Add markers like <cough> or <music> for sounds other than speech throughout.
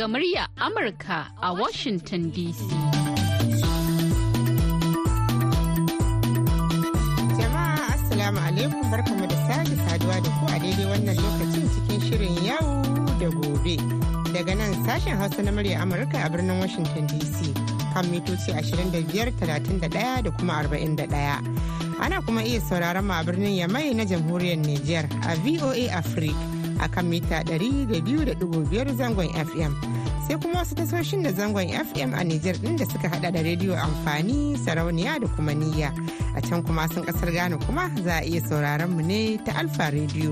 daga murya Amurka a Washington DC. Jama'a Assalamu alaikum barkamu da sake saduwa da ku a daidai wannan lokacin cikin shirin yau da gobe. Daga nan sashen Hausa na murya Amurka a birnin Washington DC kan mitoci 25, 31 da kuma 41. ana kuma iya sauraron ma a birnin yamai na jamhuriyar Nijar a VOA Africa a kan mita 200.5 zangon FM sai kuma wasu tasoshin da zangon fm a nijar din da suka hada da rediyo amfani sarauniya da kuma niyya a can kuma sun kasar gano kuma za a iya sauraron mu ne ta alfa rediyo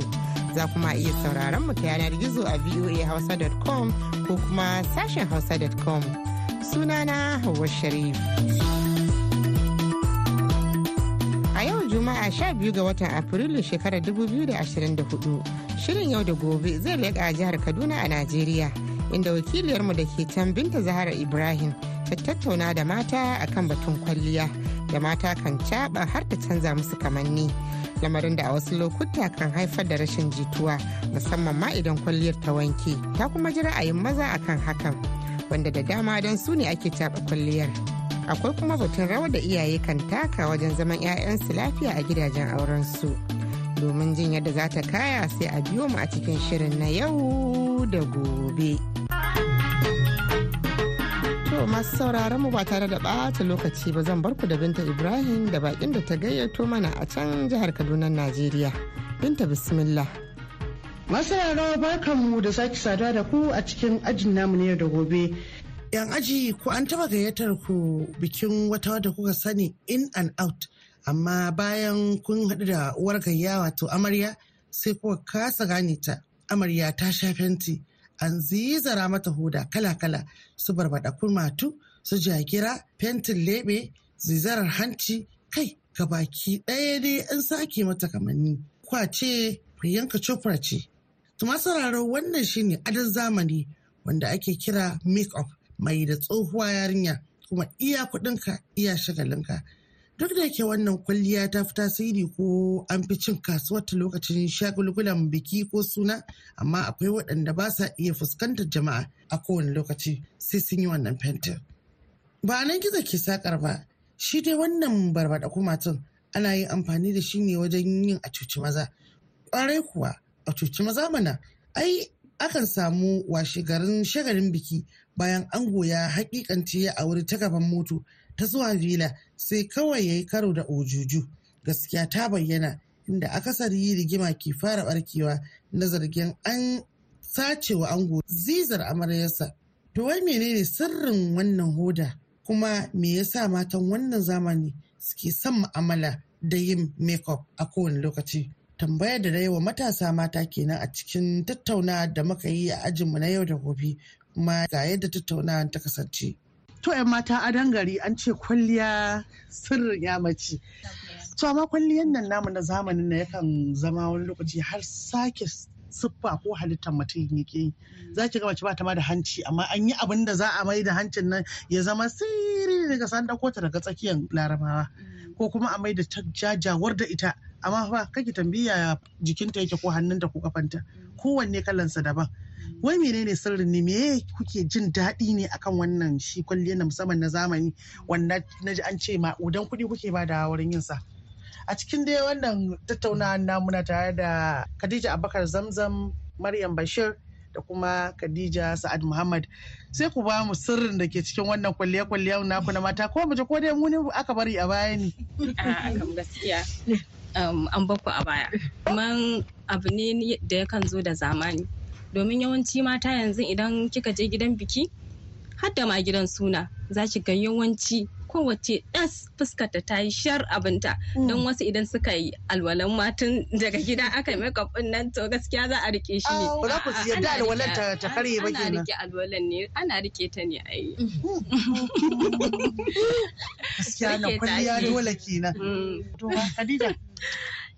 za kuma iya sauraron mu ta yanar gizo a voahausa.com ko kuma sashen hausa.com sunana hawa sharif a yau juma'a 12 ga watan afrilu shekarar 2024 shirin yau da gobe zai leƙa jihar kaduna a najeriya inda wakiliyarmu da ke can binta zahara ibrahim ta tattauna da mata akan batun kwalliya da mata kan caɓa har ta canza musu kamanni lamarin da a wasu lokuta kan haifar da rashin jituwa musamman ma idan kwalliyar ta wanke ta kuma ji ra'ayin maza akan hakan wanda da dama don su ne ake caba kwalliyar akwai kuma batun rawa da iyaye kan taka wajen zaman 'ya'yansu lafiya a gidajen auren su domin jin yadda za ta kaya sai a biyo mu a cikin shirin na yau da gobe. To masu sauraron mu ba tare da ɓata lokaci ba zan barku da Binta Ibrahim da bakin da ta gayyato mana a can jihar Kaduna Najeriya. Binta Bismillah. barkan mu da sake saduwa da ku a cikin ajin namu ne da gobe. Yan aji ku an taba gayyatar ku bikin wata da kuka sani in and out amma bayan kun haɗu da uwar gayya wato amarya sai kuka kasa gane ta amarya ta sha fenti an zizara mata huda kala-kala su barbada kumatu su jagira fentin lebe zizarar hanci kai ga baki ɗaya ne an sake mata kamanni kwace yanka chopra ce tuma sauraro wannan shine adon zamani wanda ake kira make-up mai da tsohuwa yarinya kuma iya kuɗinka, iya shagalinka duk da ke wannan kwalliya ta fi tasiri ko an fi cin kasuwar ta lokacin shagulgulan biki ko suna amma akwai waɗanda ba sa iya fuskantar jama'a a kowane lokaci sai sun yi wannan fentin ba nan gizo ke sakar ba shi dai wannan barbaɗa kumatun ana yin amfani da shi ne wajen yin a cuci maza ƙwarai kuwa a cuci maza mana ai akan samu washe garin shagalin biki bayan an ya hakikanci a auri ta gaban moto ta zuwa vila sai kawai ya yi karo da ojuju gaskiya ta bayyana inda akasari rigima ke fara barkewa na zargin an sacewa ango zizar amaryarsa to wai menene sirrin wannan hoda kuma me yasa matan wannan zamani suke son ma'amala da yin makeup a kowane lokaci tambayar da na wa matasa mata kenan a cikin tattauna da muka yi a ajinmu na yau da gobe kuma ga yadda tattaunawa ta kasance to 'yan mata a gari an ce kwalliya sirrin ya mace to amma kwalliyan nan namu na zamanin na yakan zama wani lokaci har sake siffa ko halittar mutum yake za ki gama mace ba ta ma da hanci amma an yi abin da za a mai da hancin nan ya zama siri daga san dauko ta daga tsakiyar larabawa ko kuma a mai da ta jajawar da ita amma fa kake tambiya jikinta yake ko hannunta ko kafanta kowanne kalansa daban wai menene sirrin ne me kuke jin daɗi ne akan wannan shi kwalliya na musamman na zamani wanda na ji an ce ma udan kuɗi kuke ba da wurin yinsa a cikin dai wannan tattaunawa namuna na tare da Khadija Abubakar Zamzam Maryam Bashir da kuma Khadija Sa'ad Muhammad sai ku ba mu sirrin da ke cikin wannan kwalliya kwalliya naku na mata ko muje ko dai mu ne aka bari a baya ne <laughs> a gaskiya um, an bakku a baya kaman abu ne da yakan zo da zamani domin yawanci mata yanzu idan kika je gidan biki har da ma gidan suna za ki ga yawanci kowace ɗas fuskarta ta yi shar abinta mm. don wasu idan suka yi alwalan matan daga gida aka yi makeup din nan to gaskiya za a rike shi ne ba oh, ku yarda alwalan ta ta karye ba kenan ana rike alwalan ne ana rike ta ne ai hmm. <laughs> gaskiya na kwalliya ne wala kenan mm. to Khadija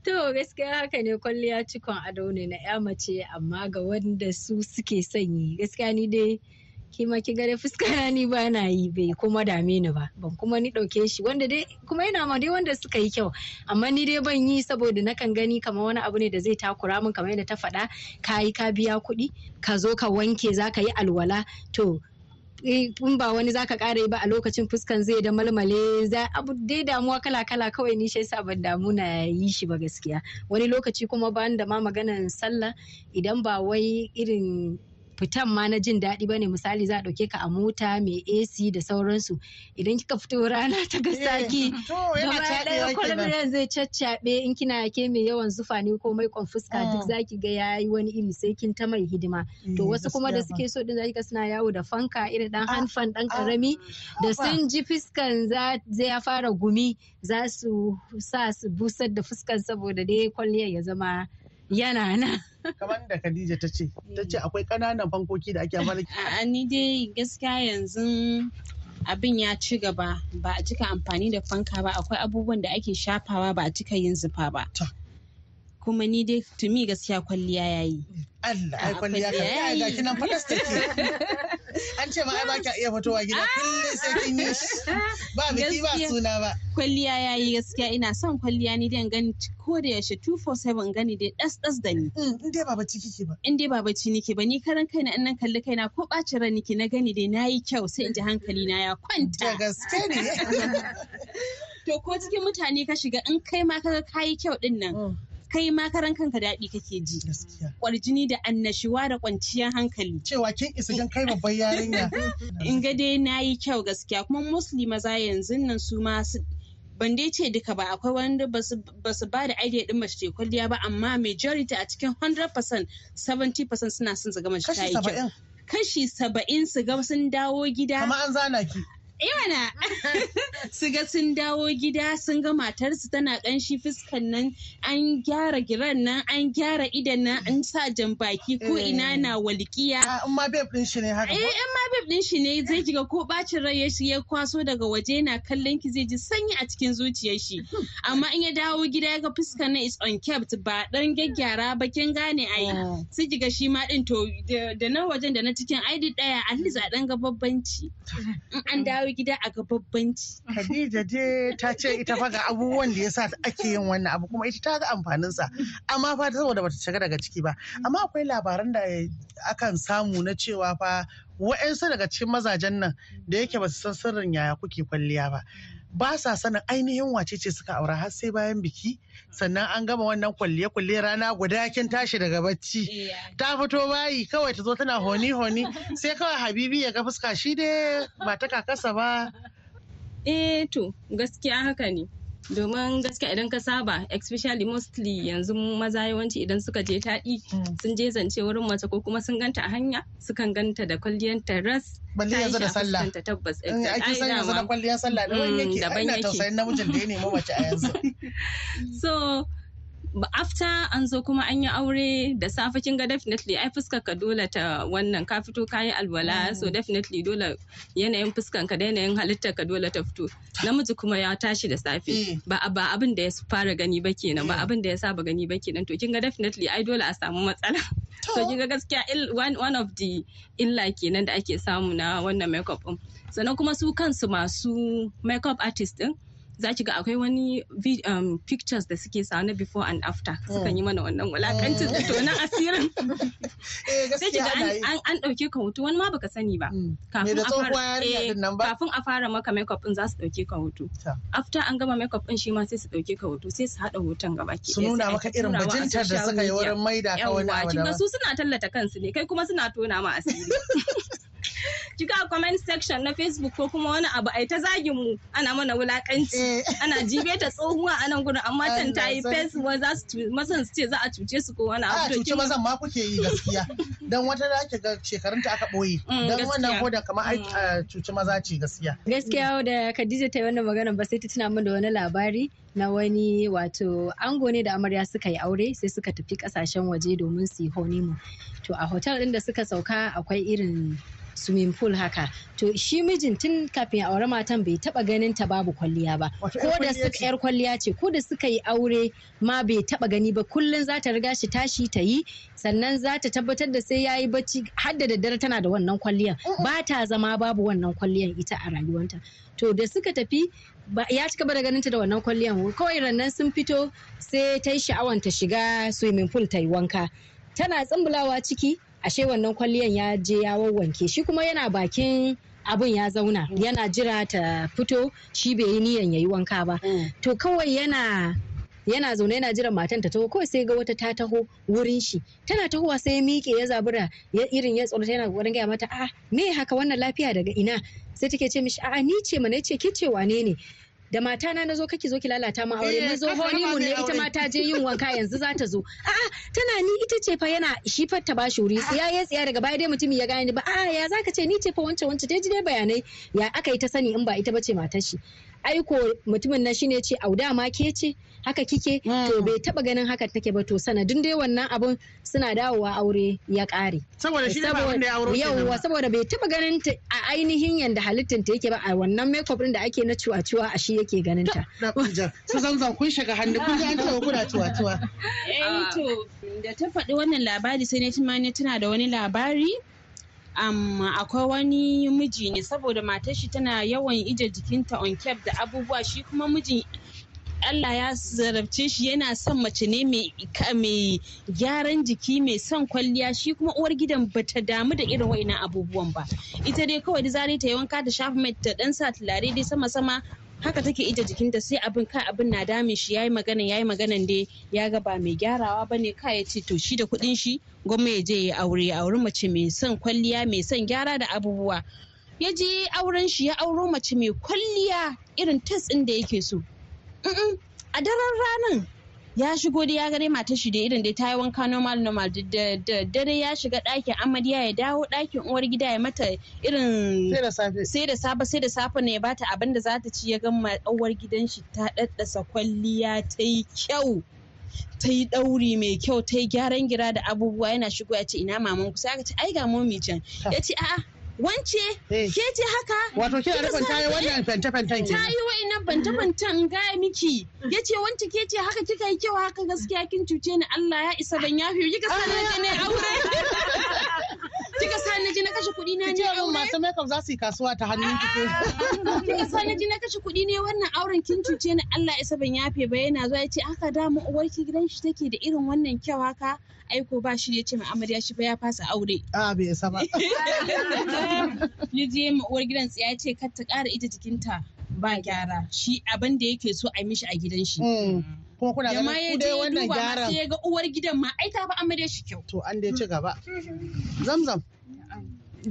To gaskiya haka ne kwalliya cikon ado ne na ya mace amma ga wanda su suke sanyi gaskiya ni dai kima ki gare fuska ni ba na yi bai kuma dame ni ba ban kuma ni dauke shi wanda dai kuma yana ma dai wanda suka yi kyau amma ni dai ban yi saboda na kan gani kamar wani abu ne da zai takura min kamar yadda ta faɗa ka yi ka biya kuɗi ka zo ka wanke za ka yi alwala to Eh, in ba wani zaka kara yi ba a lokacin fuskan zai da malmale za abu dai damuwa kala kala kawai ni shi yasa ban damu na yi shi ba gaskiya wani lokaci kuma ban da ma maganan sallah idan ba wai irin fitan ma na jin daɗi bane misali za a ɗauke ka a mota mai AC da sauransu idan kika fito rana ta gasaki eh, gaba ɗaya kwalmiyan zai caccaɓe in kina ke mai yawan zufa ne ko mai kon fuska ah. duk zaki ga yayi wani iri sai kin ta mai hidima eh, to wasu kuma da suke so din zaki ga suna yawo da fanka irin dan ah, hanfan dan karami ah, da sun ji fuskan zai ya fara gumi za su sa su busar da fuskan saboda dai kwalliyar ya zama yana nan <laughs> kamar da Khadija ta ce ta ce akwai ƙananan fankoki da ake amfani <laughs> a ni dai gaskiya yanzu abin ya ci gaba ba a cika amfani da fanka ba akwai abubuwan da ake shafawa ba a cika yin zufa ba kuma ni dai to me gaskiya kwalliya yayi Allah ai kwalliya ka <laughs> ai ga kinan fantastic an ce ma ai ba ka iya fitowa gida kullum sai kin yi ba biki ba suna ba kwalliya yayi gaskiya ina son kwalliya ni dai gani ko da yaushe 247 gani dai das das da ni mm, in dai ba bacci kike ba in dai ba bacci nike ba ni karan kaina in nan kalli kaina ko bacin ran nike na gani dai nayi kyau sai in ji hankali na ya kwanta da gaske ne <laughs> to ko cikin mutane ka shiga in kai ma kaga kayi kyau din nan mm. kai ma karan kanka daɗi kake ji kwarjini da annashuwa da kwanciyar hankali cewa kin isa jan kai babban yarinya <laughs> in ga dai na yi kyau gaskiya kuma musli maza yanzu nan su ma ban dai ce duka ba akwai wanda ba su ba da idea din mace kwalliya ba amma majority a cikin 100% 70% suna son su ga mace ta yi kyau kashi saba'in su ga sun dawo gida. Kama an zana ki. Iwana <laughs> su ga sun dawo gida sun ga matarsu tana kanshi fuskan nan an gyara giran nan an gyara idan nan an sa jan baki ko eh. ina na walƙiya. Ah, in ma beb din shi ne haka. Eh in ma beb din shi ne zai kiga ko bacin rai ya kwaso daga waje na kallon ki zai ji sanyi a cikin zuciyar shi. <laughs> Amma in ya dawo gida ya ga fuskan nan is on kept ba dan gyaggyara ba kin gane ai. ji eh. kiga shi ma din to da na wajen da na cikin id daya a least a dan ga babbanci. In an dawo gida a ga babbanci. Khadija je ta ce ita fa ga abubuwan da ya sa ake yin wannan abu kuma ita ta ga amfanin sa amma fa saboda bata shiga daga ciki ba amma akwai labaran da akan samu na cewa fa wa'ansu daga cikin mazajen nan da yake ba su san sirrin yaya kuke kwalliya ba. ba sa sanin ainihin wace ce suka aura har sai bayan biki sannan an gama wannan kwalliye kwalliye rana guda kin tashi daga bacci ta fito bayi kawai ta zo tana honi honi sai kawai habibi ya ga fuska shi dai ba ta kakasa ba eh to gaskiya haka ne domin gaskiya idan ka saba especially mostly yanzu maza yawanci idan suka je taɗi mm. sun je zance wurin mace ko kuma sun ganta a hanya sukan ganta da kwalliyar taras balle yanzu da sallah ta tabbas ake san yanzu da kwalliyar sallah mm, da wani yake ina tausayin namijin da ya nemi mace a yanzu <laughs> so afta an zo kuma an yi aure da safe kin ga definitely ai fuskar ka dole ta wannan ka fito kayi alwala mm. so definitely dole yanayin fuskan ka da yanayin halitta ka dole ta fito namiji kuma ya tashi da safe mm. ba ba abin da ya fara gani ba kenan ba mm. abin da ya saba gani ba kenan to kin ga definitely ai dole a samu matsala so kin ga gaskiya one of the illa kenan da ake samu na wannan makeup din sannan kuma su kansu masu makeup artist din za ki ga akwai wani um, pictures da suke sa na before and after hmm. sukan yi mana wannan wulakancin hmm. da tonan asirin <laughs> eh, sai ki ga an an ɗauke ka hoto wani ma baka sani hmm. eh, ba kafin a fara maka makeup din za su ɗauke ka hoto after an gama makeup din shi ma sai su ɗauke ka hoto sai su haɗa hoton gaba ki su nuna maka irin bajintar da suka yi wurin maida ka wani abu da su suna tallata kansu ne kai kuma suna tona ma asiri <laughs> kika comment section na facebook ko kuma wani abu ai ta zagin mu ana mana wulakanci eh. ana jibe ta tsohuwa a nan gurin amma tan ta yi facebook za su masan su ce za a cuce su ko wani abu to mazan ma kuke yi gaskiya dan wata da ake ga shekarun ta aka boye mm, dan wannan ko da kamar ai mm. cuci maza ce gaskiya gaskiya da Khadija ta yi wannan magana ba sai ta tuna min da wani labari na wani wato ango ne da amarya suka yi aure sai suka tafi kasashen waje domin su yi honeymoon to a hotel din da suka sauka akwai irin swimming pool haka to shi mijin tun kafin aure matan bai taba ganin ta babu kwalliya ba ko da suka yar kwalliya ce ko da suka yi aure ma bai taba gani ba kullun za ta riga shi tashi ta yi sannan za ta tabbatar da sai yayi bacci har da daddare tana da wannan kwalliyan ba ta zama babu wannan kwalliyan ita a rayuwarta to da suka tafi ya ci gaba da ganin ta da wannan kwalliyan kawai rannan sun fito sai ta yi sha'awan ta shiga swimming pool ta yi wanka tana tsumbulawa ciki ashe wannan kwalliyan ya je ya wawwanke shi kuma yana bakin abin ya zauna mm. yana jira ta fito shi bai yi niyan yayi wanka ba mm. to kawai yana yana zaune yana jiran matan ta taho kawai sai ga wata ta taho wurin shi tana tahowa sai ya miƙe ya zabura ya irin ya tsorata yana kokarin gaya mata a ah, me haka wannan lafiya daga ina sai take ce mishi a ni ce mana ya ce ke ce wane ne da matana na zo kake zo ki lalata mu aure eh, mun zo honeymoon ne ita mata je yin wanka yanzu za ta zo a'a tana ni ita ce fa yana shi ta bashi wuri Ya ya tsaya daga baya dai mutumi ya gane ba a'a ya zaka ce ni ce fa wance wancan dai ji dai bayanai ya aka yi ta sani in ba ita bace matar shi aiko mutumin nan shine ce auda ma ke ce haka kike hmm. to bai taba ganin haka take ba to sanadin dai wannan abun suna dawowa aure ya kare saboda shi ba wanda ya aure yawa saboda bai taba ganin ta a ainihin yanda halittin ta yake ba a wannan makeup din da ake na ciwa-ciwa a shi yake ganin ta su zanzan kun shiga hannu kun ji an ce kuna ciwa-ciwa eh to da ta faɗi wannan labari sai ne tana da wani labari Amma akwai wani miji ne saboda matar shi tana yawan ije jikinta on cap da abubuwa shi kuma mijin Allah ya zarabce shi yana son mace ne mai gyaran jiki mai son kwalliya shi kuma uwar gidan bata damu da irin wa'ina abubuwan ba ita dai kawai da zare ta yi wanka ta shafa mai ta dan sa tulare dai sama sama haka take ita jikinta sai abin ka abin na damin shi yayi magana yayi magana dai ya ga ba mai gyarawa bane ka ya ce to shi da kuɗin shi gwamma ya je ya aure ya auri mace mai son kwalliya mai son gyara da abubuwa ya je auren shi ya auro mace mai kwalliya irin tas ɗin da yake so a daren ranan ya shigo dai ya gare matar shi da irin da ta yi wanka normal normal da dare ya shiga ɗakin amarya ya dawo ɗakin uwar gida ya mata irin sai da safe sai da safe ne ya bata abin da za ta ci ya gama uwar gidan shi ta daddasa kwalliya ta yi kyau ta yi ɗauri mai kyau ta yi gyaran gira da abubuwa yana shigo ya ce ina mamanku sai aka ce ai ga momi can ya ce a'a wance eh. ke ce haka wato ke da kwanta tayi wannan eh, fanta fantan tayi ina fente-fenten ga miki yace wance ke ce haka kika yi kyau haka gaskiya kin cuce ni Allah ya isa ban yafi kika sanar da ne aure <laughs> kika sa na ji na kashe kuɗi na ne aure? masu makeup za su yi kasuwa ta hannun ki ko. <laughs> Kika sa na ji na kashe kuɗi ne wannan auren kin cuce ni Allah ya ban yafe ba yana zuwa yace haka da mu uwar ki gidan shi take da irin wannan kyau haka aiko ba shi ya ce ma amarya shi ba ya fasa aure. A bai isa ba. Ni <laughs> je mu uwar gidan tsiya ce kar ta ƙara ita jikinta ba gyara shi abin da yake so a mishi a gidan shi. Mm. kuma kuna ganin ku dai wannan gyaran. Ya duba ga uwar gidan ma ai ta fa amare shi kyau. To an dai ci gaba. Zamzam.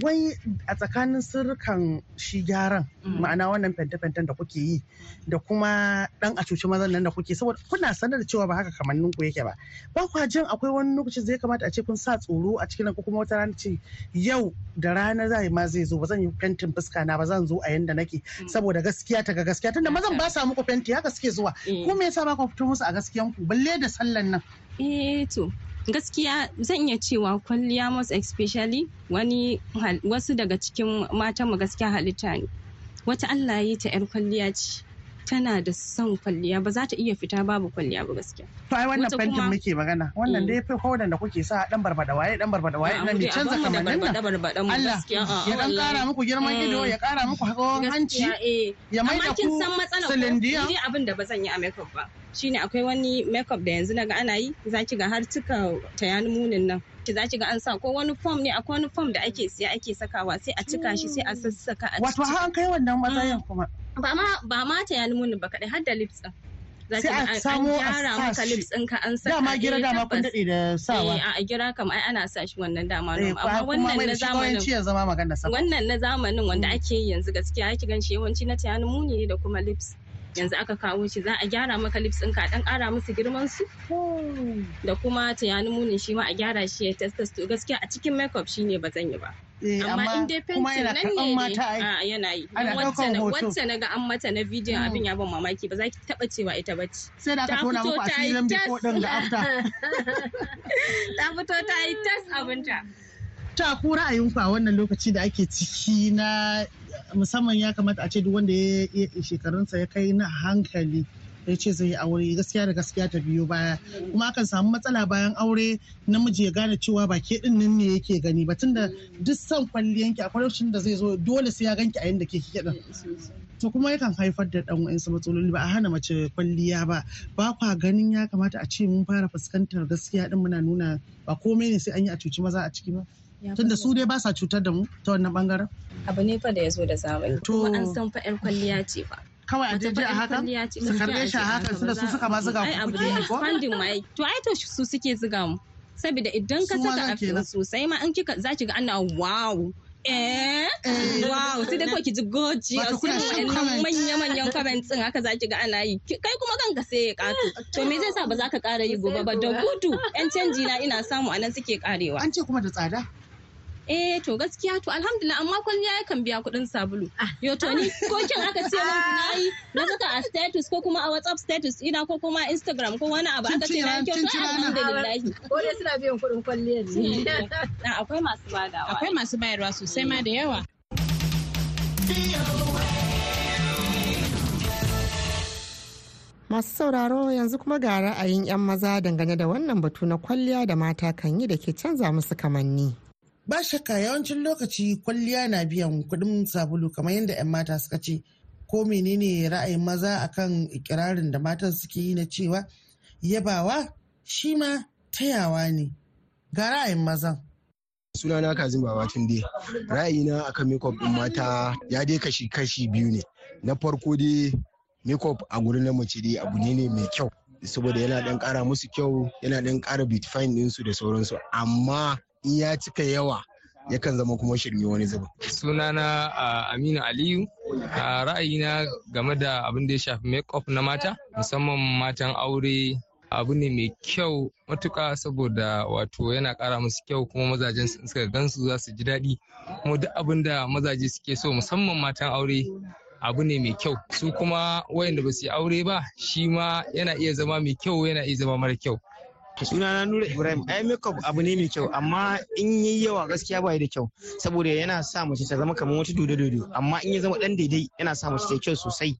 wai a tsakanin sirrukan shi gyaran mm. ma'ana wannan fente-fenten da kuke yi da kuma dan a cuci mazan nan da kuke saboda kuna sanar da cewa ba haka kamannin ku yake ba ba kwa jin akwai wani lokaci zai kamata a ce kun sa tsoro a cikin ko kuma wata rana ce yau da rana za ma zai zo ba zan yi fentin fuska na ba zan zo a yanda nake mm. saboda gaskiya ta ga gaskiya tunda mazan ba sa muku fenti haka suke zuwa eh. ku me yasa ba ku fito musu a gaskiyan ku balle da sallan nan eh to gaskiya zan iya cewa kwalliya most especially wani wasu daga cikin matan mu gaskiya halitta ne wata Allah ya yi ta yar kwalliya ce tana da son kwalliya ba za ta iya fita babu kwalliya ba gaskiya. To ai wannan fentin muke magana wannan dai mm. fi hodan da kuke sa dan barbada waye dan barbada waye dan mai canza kamannin nan. Allah ya dan kara muku girman eh. ido ya kara muku hawan hanci eh. ya mai da ku silindiya. Ni abin da ba zan yi a makeup ba. Shine akwai wani makeup da yanzu naga ana yi za ki ga har cika tayanin munin nan. ki za ki ga an sa ko wani form ne akwai wani form da ake siya ake sakawa sai a cika shi sai a sassaka a ciki. Wato har an kai wannan matsayin mm. kuma. ba ma ba ma ta yalmuni ba kaɗai har da lips ɗin sai a samo a gyara maka lips ɗinka an dama gira eh, dama kun daɗe da sawa eh, a gira kam ai ana sa shi wannan dama eh, no amma wannan na zamanin wannan na zamanin wanda hmm. ake yi yanzu gaskiya ake gan shi yawanci na ta muni ne da kuma lips yanzu aka kawo shi za a gyara maka lips ɗinka dan ƙara musu girman su hmm. da kuma tayani munin shi ma a gyara shi ya test to gaskiya a cikin makeup shine ba zan yi ba Eh, amma kuma yana karɓar mata ai yana yi ana ɗaukan hoto wacce na ga an mata na bidiyon hmm. abin ya ban mamaki ba za ki taɓa cewa ita ba ce sai da aka tona muku asirin before ɗin da <laughs> afta. ta fito ta yi tas abinta ta ku ra'ayinku a wannan lokaci da ake ciki na musamman ya kamata a ce duk wanda ya shekarunsa ya kai na hankali ya ce zai yi aure gaskiya da gaskiya ta biyo baya kuma akan samu matsala bayan aure namiji ya gane cewa ba ke din nan ne yake gani ba tunda duk kwalliyan ki akwai lokacin da zai zo dole sai ya ganki a yanda ke kike din to kuma yakan haifar da dan wa'insu matsaloli ba a hana mace kwalliya ba ba kwa ganin ya kamata a ce mun fara fuskantar gaskiya din muna nuna ba komai ne sai an yi a cuci maza a ciki ba tunda su dai ba sa cutar da mu ta wannan bangaren abu ne fa da ya zo da zamani kuma an san fa kwalliya ce ba kawai a jeje a hakan su karbe shi a hakan su da su suka ma zuga ku kuke ne ko to ai to su suke zuga mu saboda idan ka saka a sosai ma in kika za ki ga ana wow eh, eh. wow sai dai ki ji a sai wa'annan manya-manyan comments din haka zaki ga ana yi kai kuma kanka sai ya kato to me zai sa ba za ka kara yi gobe ba da gudu yan canji na ina samu anan suke karewa an ce kuma da tsada eh to gaskiya to alhamdulillah amma kwalliya ya kan biya kuɗin sabulu ah. yo to ni <laughs> ko kin aka ce mun ah. nayi na saka a status ko kuma a whatsapp status ina ko kuma instagram ko wani abu aka ce na kyau to alhamdulillah ko dai suna biyan kuɗin kwalliya ne <laughs> akwai masu badawa akwai masu bayarwa sosai ma da yawa Masu sauraro yanzu kuma ga ra'ayin 'yan maza dangane da wannan batu na kwalliya da mata kan yi da ke canza musu kamanni. ba shakka yawancin lokaci kwalliya na biyan kuɗin sabulu kamar yadda 'yan mata suka ce ko menene ra'ayin maza akan ikirarin da matan suke yi na cewa yabawa shi ma tayawa ne ga ra'ayin mazan sunana kazin baba tunde ra'ayina akan makeup din mata ya dai kashi kashi biyu ne na farko dai makeup a gurin na mace dai abu ne mai kyau saboda yana dan kara musu kyau yana dan kara beautifying ɗinsu da sauransu amma ya cika yawa yakan zama kuma shirme wani zuba. Sunana uh, Aminu Aliyu, uh, ra'ayina game da abin da ya shafi make-up na mata, musamman matan aure abu ne mai kyau matuka saboda wato yana kara musu kyau kuma mazajen suka gansu za su ji daɗi kuma duk abin da mazaje suke so musamman matan aure abu ne mai kyau su kuma wayanda ba su yi aure ba shi ma yana iya zama mai kyau yana iya zama mara kyau sunana nura ibrahim ai makeup abu ne mai kyau amma in yi yawa gaskiya ba da kyau saboda yana sa mace ta zama kamar wata dodo dodo amma in ya zama dan daidai yana sa mace ta kyau sosai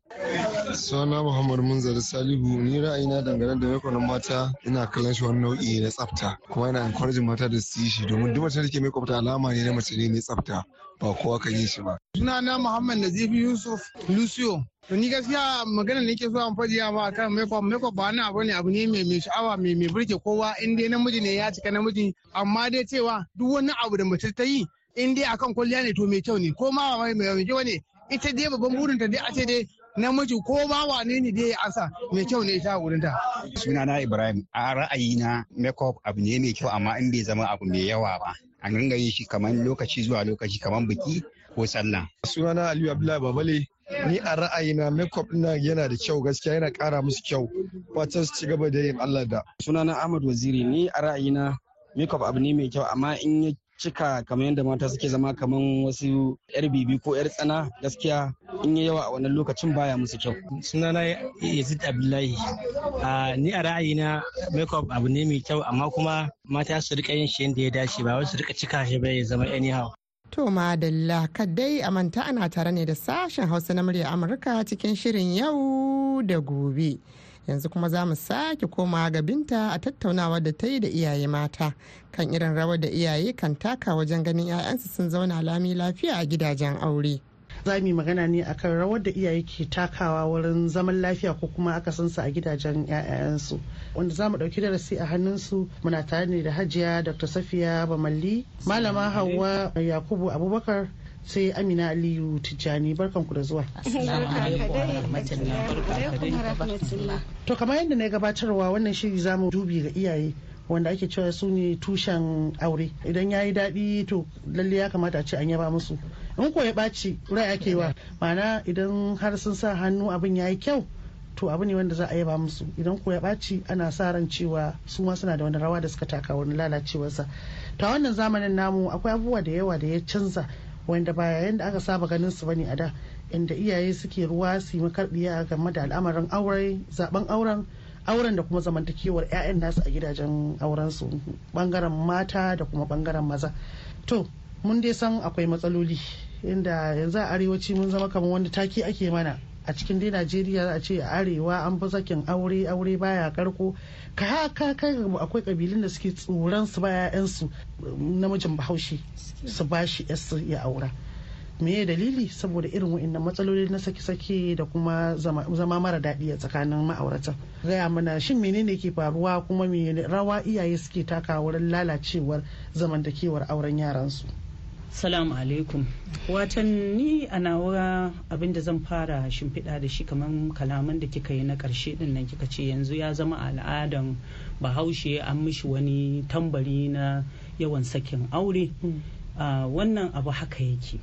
sunana muhammad munzari salihu ni ra'ayina dangane da makeup na mata ina kallon shi wani nau'i na tsafta kuma yana encouraging mata da su yi shi domin duk mace da ke makeup ta alama ne na mace ne mai tsafta ba kowa kan yi shi ba. na Muhammad Nazifi Yusuf Lucio. To ni gaskiya magana nake so an faɗi ba akan makeup makeup ba wani abu ne abu ne mai mai sha'awa mai mai burge kowa in dai namiji ne ya cika namiji amma dai cewa duk wani abu da mace ta yi in dai akan kwalliya ne to mai kyau ne ko ma mai mai kyau ne ita dai babban burinta dai a ce dai namiji ko ba wane ne dai asa mai kyau ne ita gurin ta sunana Ibrahim a ra'ayina makeup abu ne mai kyau amma in bai zama abu mai yawa ba An ringa yin shi kamar lokaci zuwa lokaci kamar biki ko sallah. Sunana Aliyu Abdullahi Babale ni a ra'ayina makeup na yana da kyau gaskiya yana kara musu kyau fatan su ci gaba da yin Allah da. Sunana Ahmad Waziri ni a ra'ayina makeup abu ne mai kyau amma in ya cika kamar yadda mata suke zama kamar wasu yar bibi ko yar tsana gaskiya in yi yawa a wannan lokacin baya musu kyau. sunana yazid abdullahi ni a ra'ayi na makeup abu ne mai kyau amma kuma mata su rika yin shi yadda ya dace ba wasu rika cika shi ba ya zama anyhow. To madalla kadai a manta ana tare ne da sashen hausa na murya Amurka cikin shirin yau da gobe. yanzu kuma za mu sake komawa ga binta a tattaunawa da ta yi da iyaye mata kan irin rawar da iyaye kan taka wajen ganin 'ya'yansu sun zauna lami lafiya a gidajen aure za mu yi magana ne akan rawar da iyaye ke takawa wurin zaman lafiya ko kuma aka san su a gidajen 'ya'yansu wanda za mu ɗauki darasi a hannunsu muna tare ne da hajiya dr safiya bamalli malama hawa yakubu abubakar sai amina aliyu tijjani barkanku da zuwa to kamar yadda na gabatarwa wannan shiri zamu dubi ga iyaye wanda ake cewa su ne tushen aure idan ya yi daɗi to lalle ya kamata a ce an yaba musu in ko ya ɓaci rai ake wa ma'ana idan har sun sa hannu abin ya yi kyau to abu ne wanda za a yaba musu idan ko ya ɓaci ana sa ran cewa su ma suna da wani rawa da suka taka wani lalacewarsa to a wannan zamanin namu akwai abubuwa da yawa da ya canza wanda ba da aka saba ganin su bane a da inda iyaye suke ruwa su yi makarbiya game da al'amarin aure zaben auren auren da kuma zamantakewar 'ya'yan nasu a gidajen auren su bangaren mata da kuma bangaren maza to mun dai san akwai matsaloli inda yanzu a arewaci mun zama kamar wanda take ake mana a cikin dai najeriya a ce arewa an fi zakin aure aure baya karko ka haka kai akwai kabilun da suke tsoron su ba su namijin bahaushe su ba shi ya aura me dalili saboda irin wa'annan matsaloli na sake-sake da kuma zama mara daɗi a tsakanin ma'auratan gaya mana shin menene ke faruwa kuma me rawa iyaye suke taka wurin lalacewar zamantakewar auren yaransu salamu alaikum watan ni a nawa abin da zan fara shimfiɗa da shi kamar kalaman da kika yi na ƙarshe ɗin nan kika ce yanzu ya zama al'adan bahaushe an mishi wani tambari na yawan sakin aure mm. wannan abu haka yake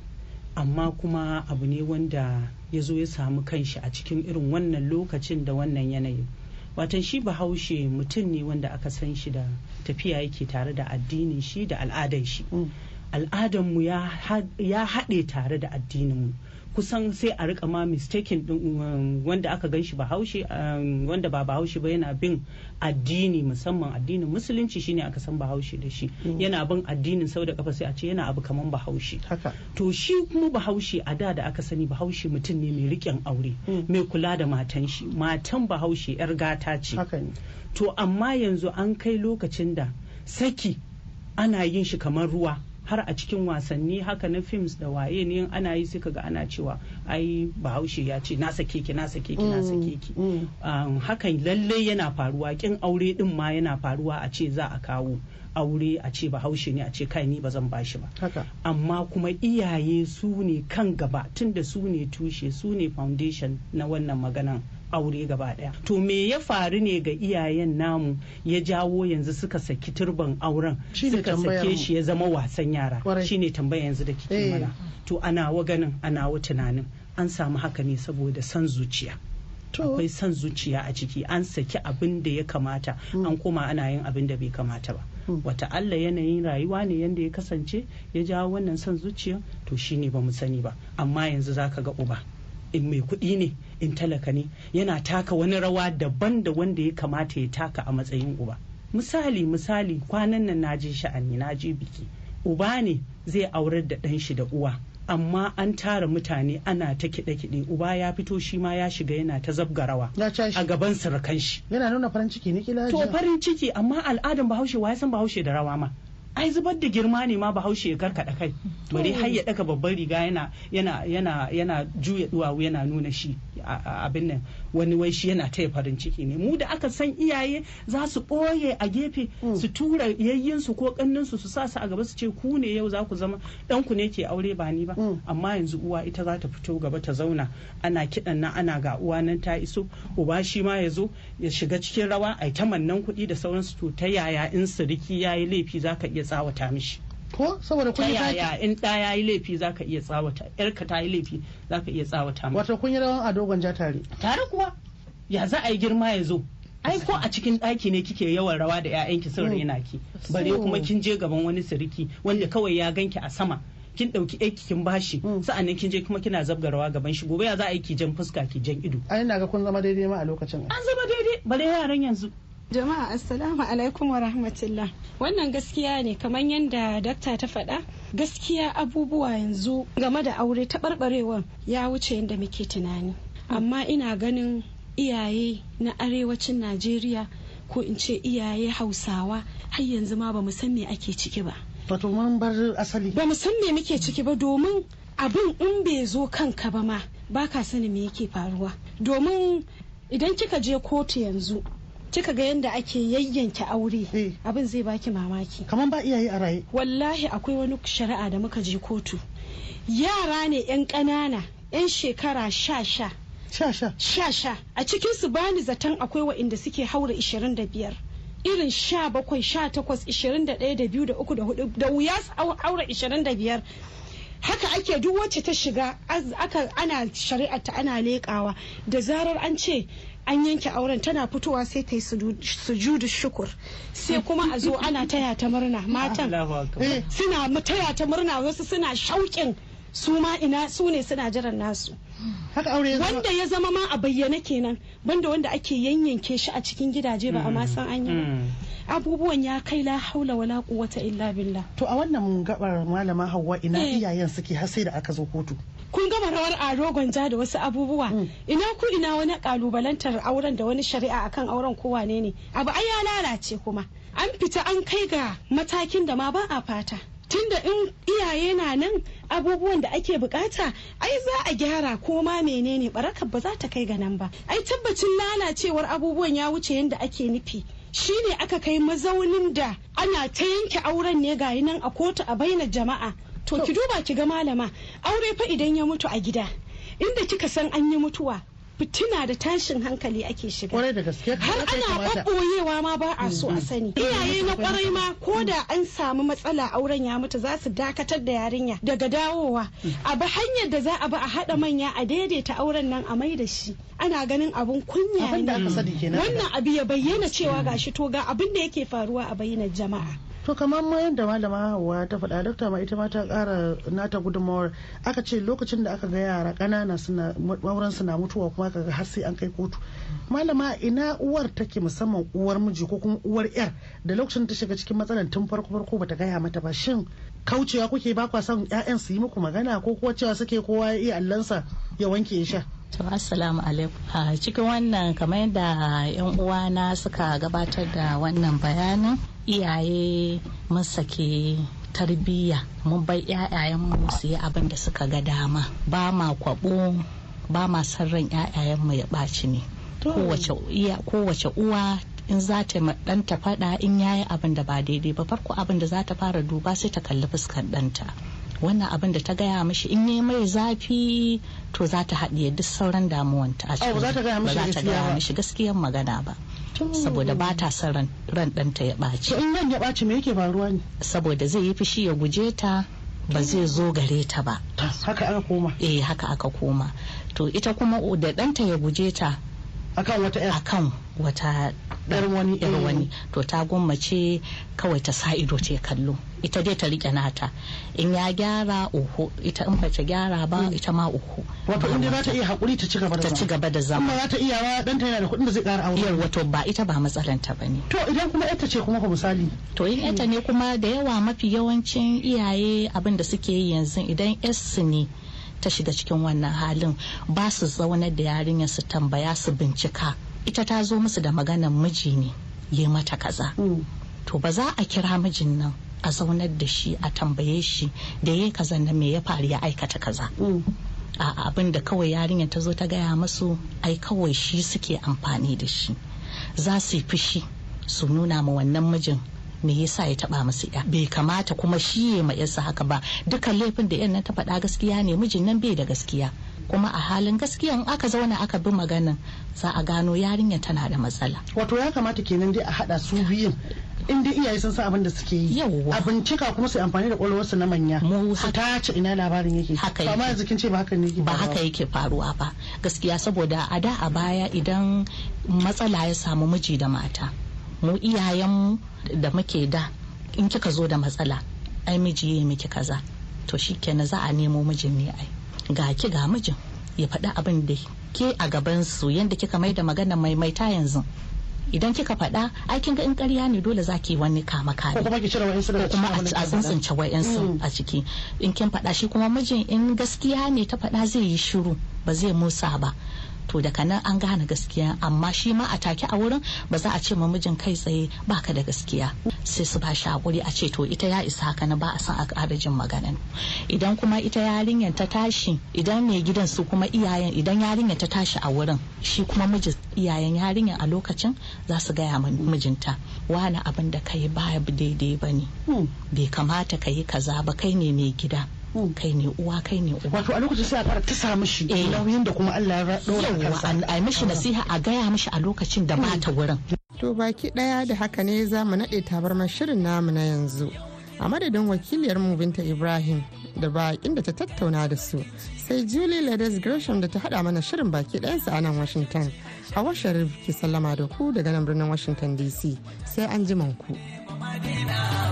amma kuma abu ne wanda ya zo ya samu kanshi a cikin irin wannan lokacin da wannan yanayi watan shi bahaushe mutum ne wanda aka san shi da tafiya yake tare da addinin shi da al'adan shi mm. al'adanmu ya haɗe tare da addininmu kusan sai a rika ma mistakin um, wanda aka gan shi bahaushe um, wanda ba bahaushe ba yana bin addini musamman addinin musulunci shine aka san bahaushe da shi mm. yana bin addinin sau da kafa sai a ce yana abu kaman bahaushe to shi kuma bahaushe a da da aka sani bahaushe mutum ne mai riƙen aure mm. mai kula da matan shi matan bahaushe yar gata ce to amma yanzu an kai lokacin da saki ana yin shi kamar ruwa har a cikin wasanni haka na films da waye ne ana yi suka ga ana cewa ai bahaushe ya ce nasa keke nasa keke nasa keke mm, mm. um, hakan lallai yana faruwa kin aure din ma yana faruwa a ce za a kawo aure a ce bahaushe ne a ce kai ni ba zan bashi ba amma kuma iyaye su ne kan gaba tunda su ne tushe su ne foundation na wannan maganan aure gaba daya to me ya faru ne ga iyayen namu ya jawo yanzu suka saki turban auren suka sake shi ya zama wasan yara shine tambaya yanzu da kike eh. mana to ana wa ganin ana wa tunanin an samu haka ne saboda san zuciya akwai san zuciya a ciki an saki abin da ya kamata hmm. an koma ana yin abin da bai kamata ba hmm. wata Allah yanayin rayuwa ne yanda ya kasance ya jawo wannan san zuciya to shine ba mu sani ba amma yanzu zaka ga uba in mai kuɗi ne in talaka ne yana taka wani rawa daban da wanda ya kamata ya taka a matsayin uba misali misali kwanan nan na je sha'ani na je biki uba ne zai aurar da ɗan shi da uwa amma an tara mutane ana ta kiɗe-kiɗe uba ya fito shi ma ya shiga yana ta zabga rawa a gaban sarakan shi yana nuna farin ciki ne kila to farin ciki amma al'adan bahaushe wa ya san bahaushe da rawa ma ai zubar da girma ne ma bahaushe ya karkada kai bari har ya daka babban riga yana yana yana yana juya duwawu yana nuna shi abin nan wani wai shi yana taya farin ciki ne mu da aka san iyaye za su boye a gefe mm. su tura yayyin su ko kannin su su sa su a gaba su ce ku ne yau za ku zama dan ku ne ke aure ba ni ba mm. amma yanzu uwa ita za ta fito gaba ta zauna ana kidan nan ana ga uwa nan ta iso uba shi ma ya zo ya shiga cikin rawa ai ta mannan kuɗi da sauransu to ta yaya in su riki yayi laifi zaka iya tsawata mishi ko saboda kun yi yaya in ɗa ya yi laifi ka iya tsawata yarka ta yi laifi za ka iya tsawata mishi. wato kun yi rawan dogon ja tare tare kuwa ya za a yi girma ya zo ai ko a cikin ɗaki ne kike yawan rawa da 'ya'yanki sun hmm. raina ki bare hmm. kuma kin je gaban wani siriki wanda kawai ya ganki a sama kin ɗauki aiki kin bashi hmm. sa'annan kin je kuma kina zabga rawa gaban shi gobe ya za a yi ki jan fuska ki jan ido ai na ga kun zama daidai ma a lokacin an zama daidai bare yaran yanzu Jama'a assalamu alaikum wa rahmatullah. Wannan gaskiya ne kamar yadda dakta ta faɗa gaskiya abubuwa yanzu game da aure ta taɓarɓarewan ya wuce yadda muke tunani. Amma ina ganin iyaye na arewacin Najeriya ko in ce iyaye hausawa har yanzu ma ba san me ake ciki ba. fatoman bar asali. Ba san me muke ciki ba domin abin in bai zo kanka ba ma ba ka sani me yake faruwa. Domin idan kika je kotu yanzu kika ga yadda ake yayyanke aure eh. abin zai baki mamaki kamar ba iyaye a raye wallahi akwai wani shari'a da muka je kotu yara ne yan ƙanana yan shekara sha sha sha sha a cikin su bani zaton akwai wa'inda suke haura 25 irin sha bakwai sha takwas ishirin da ɗaya da biyu da uku da hudu da wuya su aure ishirin da biyar haka ake duk wacce ta shiga aka ana ta ana leƙawa da zarar an ce an yanke auren tana fitowa sai ta yi sujudu shukur sai kuma a zo ana taya ta murna matan eh, suna taya ta murna wasu suna shauƙin su ma ina su ne suna jiran nasu wanda ya zama ma a bayyane kenan banda wanda ake yanyanke shi a cikin gidaje ba a ma san an yi mm. Mm. abubuwan ya kai la haula wala quwwata illa billah to a wannan gabar malama hawa ina eh. iyayen suke har sai da aka zo kotu kun gama rawar aro gwanja da wasu abubuwa mm. ina ku ina wani kalubalantar auren da wani shari'a akan auren ko ne ne abu ai ya lalace kuma an fita an kai ga matakin da ma ba a fata tunda in iyaye na nan abubuwan da ake bukata ai za a gyara ko ma menene barakar ba za ta kai ga nan ba ai tabbacin lalacewar abubuwan ya wuce yadda ake nufi shine aka kai mazaunin da ana ta yanke auren ne gayi nan a kotu a baina jama'a to ki duba ki ga malama aure fa idan ya mutu a gida inda kika san an yi mutuwa fitina da tashin hankali ake shiga har ana ɓaɓɓoyewa ma ba a so a mm-hmm. sani iyaye na kwarai ma ko da an samu matsala auren ya mutu za su dakatar da yarinya daga dawowa a bi hanyar da za a bi a haɗa manya a daidaita auren nan a mai da shi ana ganin abun kunya ne wannan abu ya bayyana cewa gashi to ga abin da yake faruwa a bayyanar jama'a to kamar ma yadda malama hawa ta faɗa dokta ma ita ma ta ƙara nata gudunmawar aka ce lokacin da aka ga yara ƙanana suna mauran suna mutuwa kuma aka ga har sai an kai kotu malama ina uwar take musamman uwar miji ko kuma uwar yar da lokacin ta shiga cikin matsalar tun farko farko bata gaya mata ba shin kaucewa kuke ba kwa son ƴaƴan su yi muku magana ko kuwa cewa suke kowa ya iya allansa ya wanke sha To assalamu alaikum. cikin wannan kamar yadda 'yan uwana suka gabatar da wannan bayanin iyaye mun sake tarbiyya mun bai mu su yi abin da suka ga dama ba ma kwabo ba ma san ran mu ya ɓaci ne kowace uwa in za ta ɗanta faɗa in yayi abin da ba daidai ba farko abin da za ta fara duba sai ta kalli fuskar ɗanta wannan abin da ta gaya mishi in yi mai zafi to za ta haɗiye duk sauran damuwanta a cikin ba za ta gaya mishi gaskiyar magana ba saboda ba ta son ran ɗanta ya ɓaci in ran ya ɓaci me yake faruwa ne saboda zai yi fushi ya guje ta ba zai zo gare ta ba haka aka koma eh haka aka koma to ita kuma da ɗanta ya guje ta akan wata akan wata ɗan wani ɗan wani to ta gwammace kawai ta sa ido ce kallo ita dai ta rike nata in ya gyara oho ita in ba ta gyara ba mm. ita ma oho wato inda za ta iya hakuri ta ci gaba da zama ta ci gaba da zama amma za ta iya wa dan ta yana da kuɗin da zai ƙara aure yawa to ba ita ba matsalan ta bane to idan kuma ita ce kuma ka misali to in ita ne kuma da yawa mafi yawancin iyaye abin da suke yi yanzu idan s ne ta shiga cikin wannan halin ba su zaunar da yarinyar su tambaya su bincika ita ta zo musu da maganan miji ne ya mata kaza mm. to ba za a kira mijin nan a zaunar da shi a tambaye shi da ya kaza na me ya faru ya aikata kaza mm. a abin da kawai yarinyar ta zo ta gaya masu ai kawai shi suke amfani da shi za su yi fushi su nuna ma wannan mijin me yasa ya taba masu ya bai kamata kuma shi ya ma yasa haka ba dukkan laifin da yan nan ta faɗa gaskiya ne mijin nan bai da gaskiya kuma a halin gaskiya in aka zauna aka bi maganin za a gano yarinya tana da matsala wato ya kamata kenan dai a hada su biyun in dai iyaye sun san abin da suke yi a bincika kuma su amfani da kwakwalwarsu na manya Ta tace ina labarin yake haka yake amma yanzu kin ce ba haka ne ba haka yake faruwa ba gaskiya saboda a da a baya idan matsala ya samu miji da mata mu iyayenmu da muke da in kika zo da matsala ai miji ya miki kaza to shikenan za a nemo mijin ne ai ga ki ga mijin ya faɗi abin da ke a gaban su yadda kika mai da magana maimaita yanzu idan kika faɗa ai kin ga in karya ne dole za ki wani kama kare kuma kuma a tsuntsunce su mm. a ciki in kin faɗa shi kuma mijin in gaskiya ne ta faɗa zai yi shiru ba zai musa ba to daga nan an gane gaskiya amma shi ma a take a wurin ba za a ce ma mijin kai tsaye baka da gaskiya sai su ba shi hakuri a ce to ita ya isa haka na ba a san a ƙara jin maganan idan kuma ita yarinyar ta tashi idan mai gidan su kuma iyayen idan yarinyar ta tashi a wurin shi kuma mijin iyayen yarinyar a lokacin za su gaya mijinta wani abin da kai ba daidai ba ne hmm. bai kamata ka yi kaza ba kai ne mai gida kai ne uwa kai ne uwa wato a lokacin sai a fara samu shi eh. nauyin da kuma Allah ya dora kansa a mishi nasiha a gaya mishi a lokacin da ta wurin to baki daya da haka ne za mu nade tabarmar shirin namu na yanzu a madadin wakiliyar mu binta Ibrahim da bakin da ta tattauna da su sai Julie Ladies Gresham da ta hada mana shirin baki dayan sa a nan Washington a Sharif ke sallama da ku daga nan birnin Washington DC sai an ji ku.